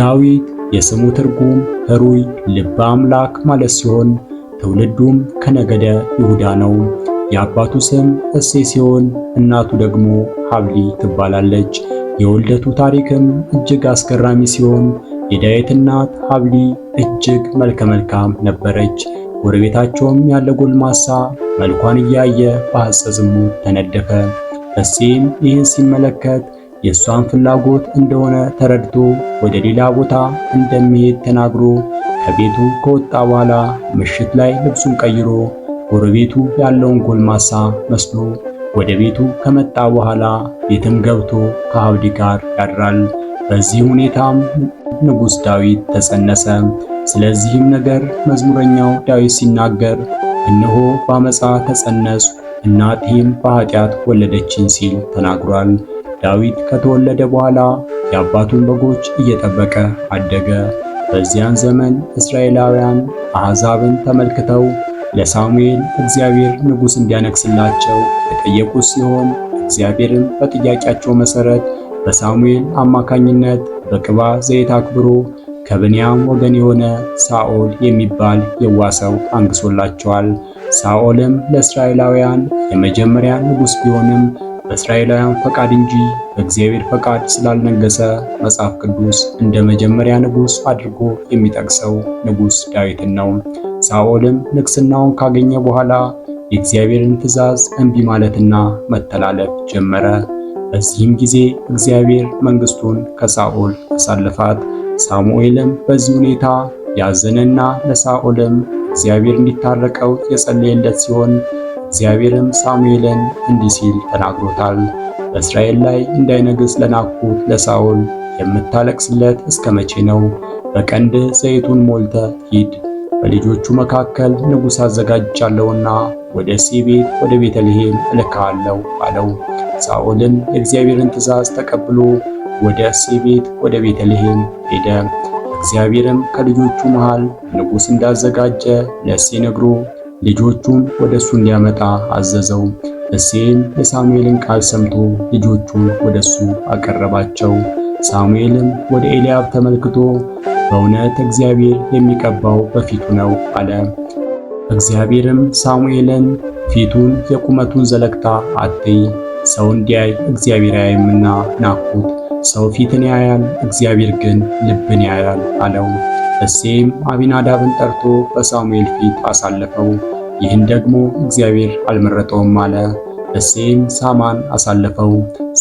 ዳዊት የስሙ ትርጉም ሕሩይ ልበ አምላክ ማለት ሲሆን ትውልዱም ከነገደ ይሁዳ ነው። የአባቱ ስም እሴ ሲሆን እናቱ ደግሞ ሐብሊ ትባላለች። የወልደቱ ታሪክም እጅግ አስገራሚ ሲሆን የዳዊት እናት ሐብሊ እጅግ መልከ መልካም ነበረች። ጎረቤታቸውም ያለ ጎልማሳ መልኳን እያየ በሐጸ ዝሙት ተነደፈ። እሴም ይህን ሲመለከት የእሷን ፍላጎት እንደሆነ ተረድቶ ወደ ሌላ ቦታ እንደሚሄድ ተናግሮ ከቤቱ ከወጣ በኋላ ምሽት ላይ ልብሱን ቀይሮ ጎረቤቱ ያለውን ጎልማሳ መስሎ ወደ ቤቱ ከመጣ በኋላ ቤትም ገብቶ ከአብዲ ጋር ያድራል። በዚህ ሁኔታም ንጉሥ ዳዊት ተጸነሰ። ስለዚህም ነገር መዝሙረኛው ዳዊት ሲናገር እነሆ በአመፃ ተጸነስ እናቴም በኃጢአት ወለደችን ሲል ተናግሯል። ዳዊት ከተወለደ በኋላ የአባቱን በጎች እየጠበቀ አደገ። በዚያን ዘመን እስራኤላውያን አሕዛብን ተመልክተው ለሳሙኤል እግዚአብሔር ንጉሥ እንዲያነግሥላቸው የጠየቁት ሲሆን እግዚአብሔርም በጥያቄያቸው መሠረት በሳሙኤል አማካኝነት በቅባ ዘይት አክብሮ ከብንያም ወገን የሆነ ሳኦል የሚባል የዋህ ሰው አንግሶላቸዋል። ሳኦልም ለእስራኤላውያን የመጀመሪያ ንጉሥ ቢሆንም በእስራኤላውያን ፈቃድ እንጂ በእግዚአብሔር ፈቃድ ስላልነገሰ መጽሐፍ ቅዱስ እንደ መጀመሪያ ንጉሥ አድርጎ የሚጠቅሰው ንጉሥ ዳዊትን ነው። ሳኦልም ንግሥናውን ካገኘ በኋላ የእግዚአብሔርን ትእዛዝ እንቢ ማለትና መተላለፍ ጀመረ። በዚህም ጊዜ እግዚአብሔር መንግሥቱን ከሳኦል አሳለፋት። ሳሙኤልም በዚህ ሁኔታ ያዘነና ለሳኦልም እግዚአብሔር እንዲታረቀው የጸለየለት ሲሆን እግዚአብሔርም ሳሙኤልን እንዲህ ሲል ተናግሮታል። በእስራኤል ላይ እንዳይነግስ ለናኩት ለሳኦል የምታለቅስለት እስከ መቼ ነው? በቀንድ ዘይቱን ሞልተ ሂድ። በልጆቹ መካከል ንጉሥ አዘጋጅቻለሁና ወደ እሴ ቤት ወደ ቤተልሔም እልካለሁ አለው። ሳኦልም የእግዚአብሔርን ትእዛዝ ተቀብሎ ወደ እሴ ቤት ወደ ቤተልሔም ሄደ። እግዚአብሔርም ከልጆቹ መሃል ንጉሥ እንዳዘጋጀ ለእሴ ነግሮ ልጆቹን ወደ እሱ እንዲያመጣ አዘዘው። እሴይም የሳሙኤልን ቃል ሰምቶ ልጆቹን ወደ እሱ አቀረባቸው። ሳሙኤልም ወደ ኤልያብ ተመልክቶ በእውነት እግዚአብሔር የሚቀባው በፊቱ ነው አለ። እግዚአብሔርም ሳሙኤልን ፊቱን የቁመቱን ዘለግታ አትይ፣ ሰው እንዲያይ እግዚአብሔር አያይምና ናኩት። ሰው ፊትን ያያል፣ እግዚአብሔር ግን ልብን ያያል አለው። እሴም አቢናዳብን ጠርቶ በሳሙኤል ፊት አሳለፈው። ይህን ደግሞ እግዚአብሔር አልመረጠውም አለ። እሴም ሳማን አሳለፈው።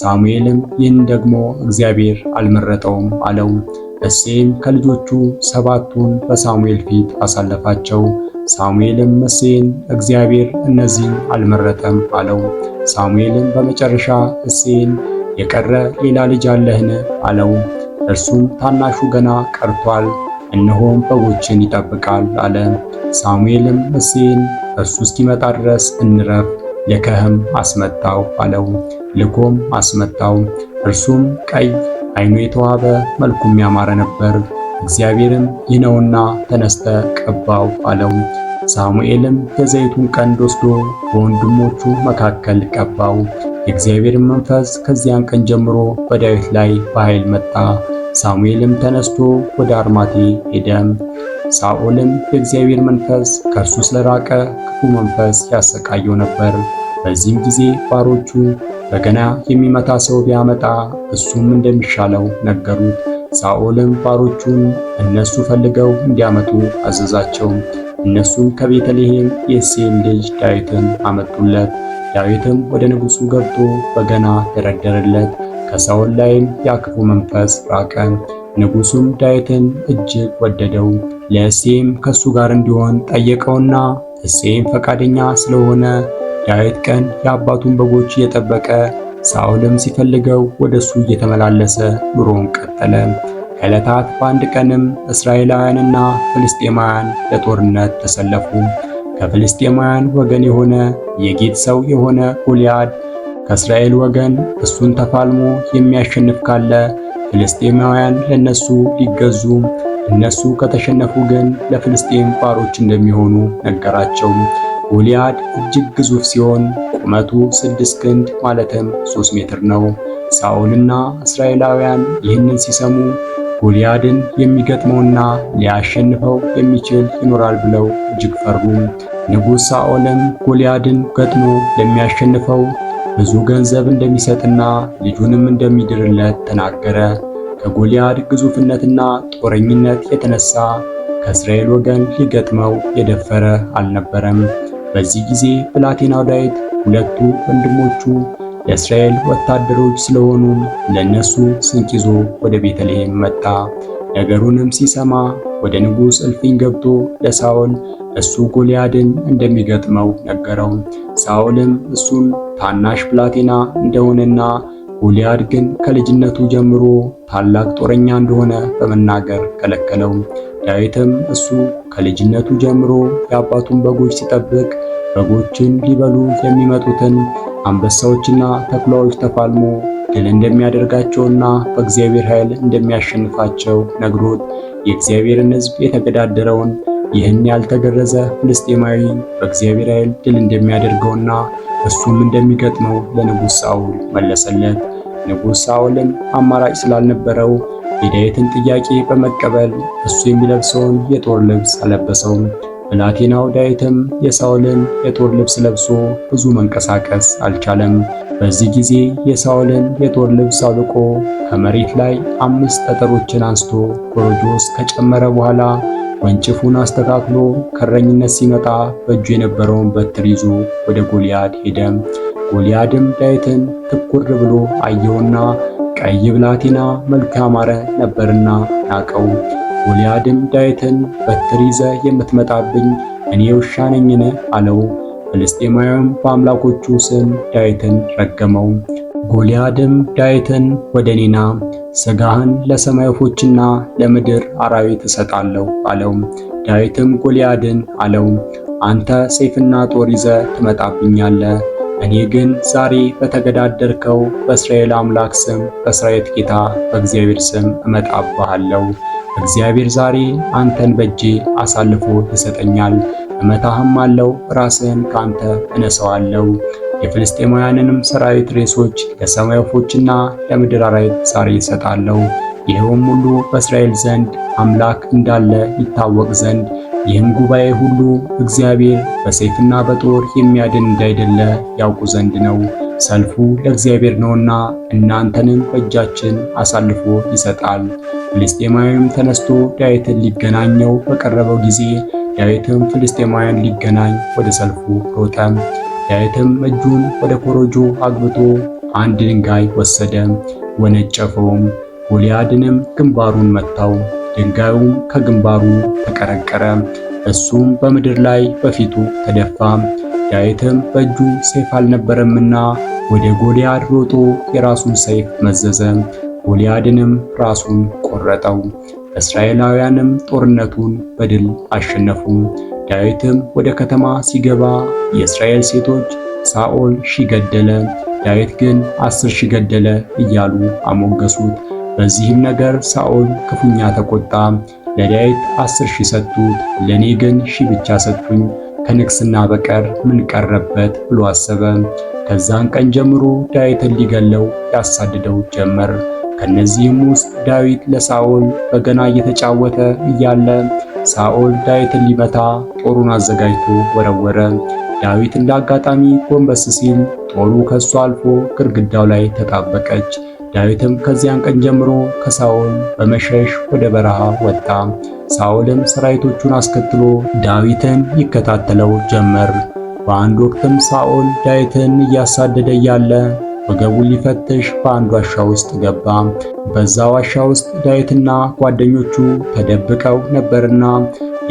ሳሙኤልም ይህን ደግሞ እግዚአብሔር አልመረጠውም አለው። እሴም ከልጆቹ ሰባቱን በሳሙኤል ፊት አሳለፋቸው። ሳሙኤልም እሴን እግዚአብሔር እነዚህን አልመረጠም አለው። ሳሙኤልም በመጨረሻ እሴን የቀረ ሌላ ልጅ አለህን? አለው። እርሱም ታናሹ ገና ቀርቷል እነሆም በጎችን ይጠብቃል አለ። ሳሙኤልም እሴይን እርሱ እስኪመጣ ድረስ እንረፍ፣ ልከህም አስመጣው አለው። ልኮም አስመጣው። እርሱም ቀይ አይኑ የተዋበ መልኩም ያማረ ነበር። እግዚአብሔርም ይህ ነውና ተነስተ ቀባው አለው። ሳሙኤልም የዘይቱን ቀንድ ወስዶ በወንድሞቹ መካከል ቀባው። የእግዚአብሔርን መንፈስ ከዚያን ቀን ጀምሮ በዳዊት ላይ በኃይል መጣ። ሳሙኤልም ተነስቶ ወደ አርማቴ ሄደም። ሳኦልም የእግዚአብሔር መንፈስ ከእርሱ ስለራቀ ክፉ መንፈስ ያሰቃየው ነበር። በዚህም ጊዜ ባሮቹ በገና የሚመታ ሰው ቢያመጣ እሱም እንደሚሻለው ነገሩት። ሳኦልም ባሮቹን እነሱ ፈልገው እንዲያመጡ አዘዛቸው። እነሱም ከቤተልሔም የእሴይን ልጅ ዳዊትን አመጡለት። ዳዊትም ወደ ንጉሡ ገብቶ በገና ደረደረለት። ከሳኦል ላይም ያክፉ መንፈስ ራቀ። ንጉሱም ዳዊትን እጅግ ወደደው፣ ለእሴይም ከሱ ጋር እንዲሆን ጠየቀውና እሴም ፈቃደኛ ስለሆነ ዳዊት ቀን የአባቱን በጎች እየጠበቀ ሳኦልም ሲፈልገው ወደ እሱ እየተመላለሰ ኑሮን ቀጠለ። ከዕለታት በአንድ ቀንም እስራኤላውያንና ፍልስጤማውያን ለጦርነት ተሰለፉ። ከፍልስጤማውያን ወገን የሆነ የጌት ሰው የሆነ ጎልያድ ከእስራኤል ወገን እሱን ተፋልሞ የሚያሸንፍ ካለ ፍልስጤማውያን ለነሱ ሊገዙ እነሱ ከተሸነፉ ግን ለፍልስጤም ባሮች እንደሚሆኑ ነገራቸው። ጎልያድ እጅግ ግዙፍ ሲሆን ቁመቱ ስድስት ክንድ ማለትም ሶስት ሜትር ነው። ሳኦልና እስራኤላውያን ይህንን ሲሰሙ ጎልያድን የሚገጥመውና ሊያሸንፈው የሚችል ይኖራል ብለው እጅግ ፈሩ። ንጉሥ ሳኦልም ጎልያድን ገጥሞ ለሚያሸንፈው ብዙ ገንዘብ እንደሚሰጥና ልጁንም እንደሚድርለት ተናገረ። ከጎልያድ ግዙፍነትና ጦረኝነት የተነሳ ከእስራኤል ወገን ሊገጥመው የደፈረ አልነበረም። በዚህ ጊዜ ብላቴናው ዳዊት ሁለቱ ወንድሞቹ የእስራኤል ወታደሮች ስለሆኑ ለእነሱ ስንቅ ይዞ ወደ ቤተልሔም መጣ። ነገሩንም ሲሰማ ወደ ንጉሥ እልፍኝ ገብቶ ለሳኦል እሱ ጎልያድን እንደሚገጥመው ነገረው። ሳኦልም እሱን ታናሽ ብላቴና እንደሆነና ጎልያድ ግን ከልጅነቱ ጀምሮ ታላቅ ጦረኛ እንደሆነ በመናገር ከለከለው። ዳዊትም እሱ ከልጅነቱ ጀምሮ የአባቱን በጎች ሲጠብቅ በጎችን ሊበሉ የሚመጡትን አንበሳዎችና ተኩላዎች ተፋልሞ ድል እንደሚያደርጋቸውና በእግዚአብሔር ኃይል እንደሚያሸንፋቸው ነግሮት የእግዚአብሔርን ሕዝብ የተገዳደረውን ይህን ያልተገረዘ ፍልስጤማዊ በእግዚአብሔር ኃይል ድል እንደሚያደርገውና እሱም እንደሚገጥመው ለንጉሥ ሳውል መለሰለት። ንጉሥ ሳኦልም አማራጭ ስላልነበረው የዳዊትን ጥያቄ በመቀበል እሱ የሚለብሰውን የጦር ልብስ አለበሰውም። ብላቴናው ዳዊትም የሳውልን የጦር ልብስ ለብሶ ብዙ መንቀሳቀስ አልቻለም። በዚህ ጊዜ የሳውልን የጦር ልብስ አውልቆ ከመሬት ላይ አምስት ጠጠሮችን አንስቶ ጎሮጆ ውስጥ ከጨመረ በኋላ ወንጭፉን አስተካክሎ ከረኝነት ሲመጣ በእጁ የነበረውን በትር ይዞ ወደ ጎልያድ ሄደ። ጎልያድም ዳዊትን ትኩር ብሎ አየውና ቀይ ብላቴና መልኩ ያማረ ነበርና ናቀው። ጎልያድም ዳዊትን በትር ይዘህ የምትመጣብኝ እኔ ውሻ ነኝን? አለው። ፍልስጤማውያን በአምላኮቹ ስም ዳዊትን ረገመው። ጎልያድም ዳዊትን ወደ እኔና ሥጋህን ለሰማይ ወፎችና ለምድር አራዊት እሰጣለሁ አለው። ዳዊትም ጎልያድን አለው፣ አንተ ሰይፍና ጦር ይዘ ትመጣብኛለህ፣ እኔ ግን ዛሬ በተገዳደርከው በእስራኤል አምላክ ስም በሠራዊት ጌታ በእግዚአብሔር ስም እመጣብሃለሁ እግዚአብሔር ዛሬ አንተን በእጄ አሳልፎ ይሰጠኛል፣ እመታህም አለው፣ ራስህን ከአንተ እነሳዋለሁ። የፍልስጤማውያንንም ሰራዊት ሬሶች ለሰማይ ወፎችና ለምድር አራዊት ዛሬ ይሰጣለሁ። ይኸውም ሁሉ በእስራኤል ዘንድ አምላክ እንዳለ ይታወቅ ዘንድ ይህም ጉባኤ ሁሉ እግዚአብሔር በሰይፍና በጦር የሚያድን እንዳይደለ ያውቁ ዘንድ ነው። ሰልፉ ለእግዚአብሔር ነውና እናንተንም በእጃችን አሳልፎ ይሰጣል። ፍልስጤማዊም ተነስቶ ዳዊትን ሊገናኘው በቀረበው ጊዜ ዳዊትም ፍልስጤማውያን ሊገናኝ ወደ ሰልፉ ሮጠ። ዳዊትም እጁን ወደ ኮረጆ አግብቶ አንድ ድንጋይ ወሰደ፣ ወነጨፈውም፣ ጎልያድንም ግንባሩን መታው። ድንጋዩም ከግንባሩ ተቀረቀረ፣ እሱም በምድር ላይ በፊቱ ተደፋ። ዳዊትም በእጁ ሰይፍ አልነበረምና ወደ ጎልያድ ሮጦ የራሱን ሰይፍ መዘዘ፣ ጎልያድንም ራሱን ቆረጠው። እስራኤላውያንም ጦርነቱን በድል አሸነፉ። ዳዊትም ወደ ከተማ ሲገባ የእስራኤል ሴቶች ሳኦል ሺ ገደለ፣ ዳዊት ግን አስር ሺ ገደለ እያሉ አሞገሱት። በዚህም ነገር ሳኦል ክፉኛ ተቆጣ። ለዳዊት አስር ሺ ሰጡት፣ ለእኔ ግን ሺ ብቻ ሰጡኝ ከንግስና በቀር ምን ቀረበት ብሎ አሰበ። ከዛን ቀን ጀምሮ ዳዊትን ሊገለው ያሳድደው ጀመር። ከነዚህም ውስጥ ዳዊት ለሳኦል በገና እየተጫወተ እያለ ሳኦል ዳዊትን ሊመታ ጦሩን አዘጋጅቶ ወረወረ። ዳዊት እንደ አጋጣሚ ጎንበስ ሲል ጦሩ ከሱ አልፎ ግድግዳው ላይ ተጣበቀች። ዳዊትም ከዚያን ቀን ጀምሮ ከሳኦል በመሸሽ ወደ በረሃ ወጣ። ሳኦልም ሰራዊቶቹን አስከትሎ ዳዊትን ይከታተለው ጀመር። በአንድ ወቅትም ሳኦል ዳዊትን እያሳደደ እያለ ወገቡን ሊፈትሽ በአንድ ዋሻ ውስጥ ገባ። በዛ ዋሻ ውስጥ ዳዊትና ጓደኞቹ ተደብቀው ነበርና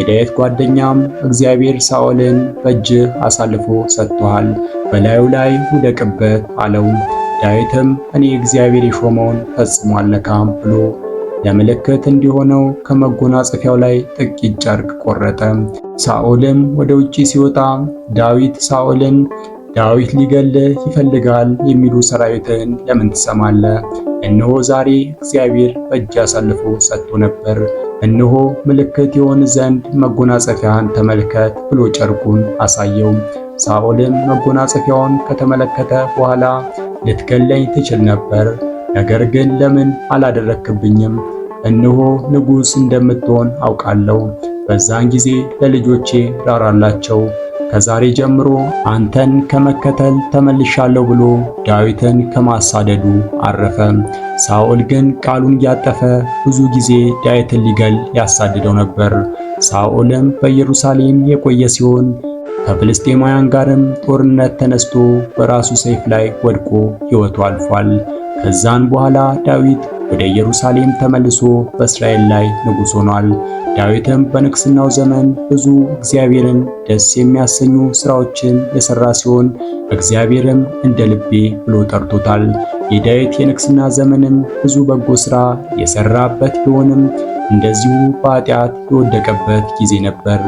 የዳዊት ጓደኛም እግዚአብሔር ሳኦልን በእጅህ አሳልፎ ሰጥቶሃል፣ በላዩ ላይ ውደቅበት አለው። ዳዊትም እኔ እግዚአብሔር የሾመውን ፈጽሟለካ ብሎ ለምልክት እንዲሆነው ከመጎናጸፊያው ላይ ጥቂት ጨርቅ ቆረጠ። ሳኦልም ወደ ውጪ ሲወጣ ዳዊት ሳኦልን ዳዊት ሊገልህ ይፈልጋል የሚሉ ሰራዊትን ለምን ትሰማለህ? እነሆ ዛሬ እግዚአብሔር በእጅ አሳልፎ ሰጥቶ ነበር። እነሆ ምልክት የሆን ዘንድ መጎናጸፊያን ተመልከት ብሎ ጨርቁን አሳየው። ሳኦልም መጎናጸፊያውን ከተመለከተ በኋላ ልትገለኝ ትችል ነበር፣ ነገር ግን ለምን አላደረክብኝም? እነሆ ንጉሥ እንደምትሆን አውቃለሁ። በዛን ጊዜ ለልጆቼ ራራላቸው። ከዛሬ ጀምሮ አንተን ከመከተል ተመልሻለሁ ብሎ ዳዊትን ከማሳደዱ አረፈ። ሳኦል ግን ቃሉን እያጠፈ ብዙ ጊዜ ዳዊትን ሊገል ያሳድደው ነበር። ሳኦልም በኢየሩሳሌም የቆየ ሲሆን ከፍልስጤማውያን ጋርም ጦርነት ተነስቶ በራሱ ሰይፍ ላይ ወድቆ ሕይወቱ አልፏል። ከዛን በኋላ ዳዊት ወደ ኢየሩሳሌም ተመልሶ በእስራኤል ላይ ንጉሥ ሆኗል። ዳዊትም በንግሥናው ዘመን ብዙ እግዚአብሔርን ደስ የሚያሰኙ ሥራዎችን የሠራ ሲሆን እግዚአብሔርም እንደ ልቤ ብሎ ጠርቶታል። የዳዊት የንግሥና ዘመንም ብዙ በጎ ሥራ የሠራበት ቢሆንም እንደዚሁ በኃጢአት የወደቀበት ጊዜ ነበር።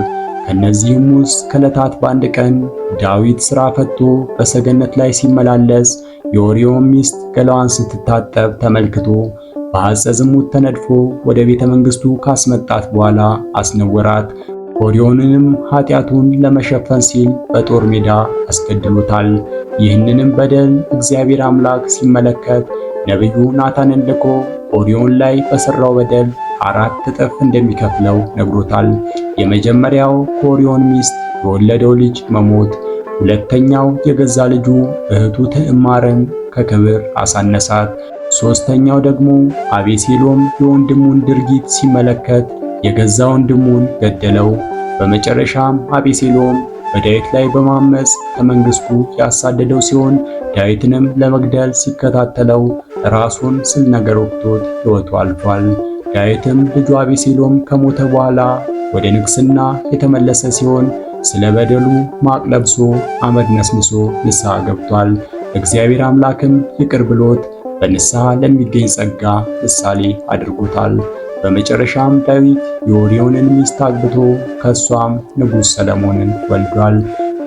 ከእነዚህም ውስጥ ከዕለታት በአንድ ቀን ዳዊት ሥራ ፈቶ በሰገነት ላይ ሲመላለስ የኦርዮም ሚስት ገላዋን ስትታጠብ ተመልክቶ በሐፀ ዝሙት ተነድፎ ወደ ቤተ መንግሥቱ ካስመጣት በኋላ አስነወራት። ኦርዮንንም ኃጢአቱን ለመሸፈን ሲል በጦር ሜዳ አስገድሎታል። ይህንንም በደል እግዚአብሔር አምላክ ሲመለከት ነቢዩ ናታንን ልኮ ኦርዮን ላይ በሠራው በደል አራት እጥፍ እንደሚከፍለው ነግሮታል። የመጀመሪያው ኮሪዮን ሚስት የወለደው ልጅ መሞት፣ ሁለተኛው የገዛ ልጁ እህቱ ትዕማርን ከክብር አሳነሳት። ሶስተኛው ደግሞ አቤሴሎም የወንድሙን ድርጊት ሲመለከት የገዛ ወንድሙን ገደለው። በመጨረሻም አቤሴሎም በዳዊት ላይ በማመስ ከመንግስቱ ያሳደደው ሲሆን ዳዊትንም ለመግደል ሲከታተለው ራሱን ስል ነገር ወቅቶት ሕይወቱ አልፏል። ዳዊትም ልጁ አቤሴሎም ከሞተ በኋላ ወደ ንግስና የተመለሰ ሲሆን ስለ በደሉ ማቅ ለብሶ አመድ ነስንሶ ንስሐ ገብቷል። እግዚአብሔር አምላክም ይቅር ብሎት በንስሐ ለሚገኝ ጸጋ ምሳሌ አድርጎታል። በመጨረሻም ዳዊት የኦርዮንን ሚስት አግብቶ ከሷም ንጉሥ ሰለሞንን ወልዷል።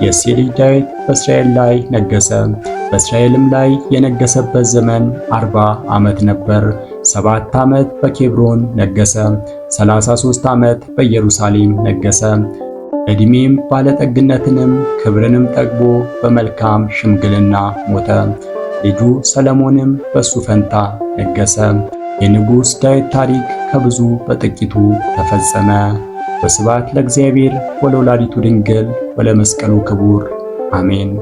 የእሴይ ልጅ ዳዊት በእስራኤል ላይ ነገሰ። በእስራኤልም ላይ የነገሰበት ዘመን አርባ ዓመት ነበር። ሰባት ዓመት በኬብሮን ነገሰ። 33 ዓመት በኢየሩሳሌም ነገሰ። ዕድሜም ባለጠግነትንም ክብርንም ጠግቦ በመልካም ሽምግልና ሞተ። ልጁ ሰለሞንም በሱ ፈንታ ነገሰ። የንጉሥ ዳዊት ታሪክ ከብዙ በጥቂቱ ተፈጸመ። ወስብሐት ለእግዚአብሔር ወለወላዲቱ ድንግል ወለመስቀሉ ክቡር አሜን።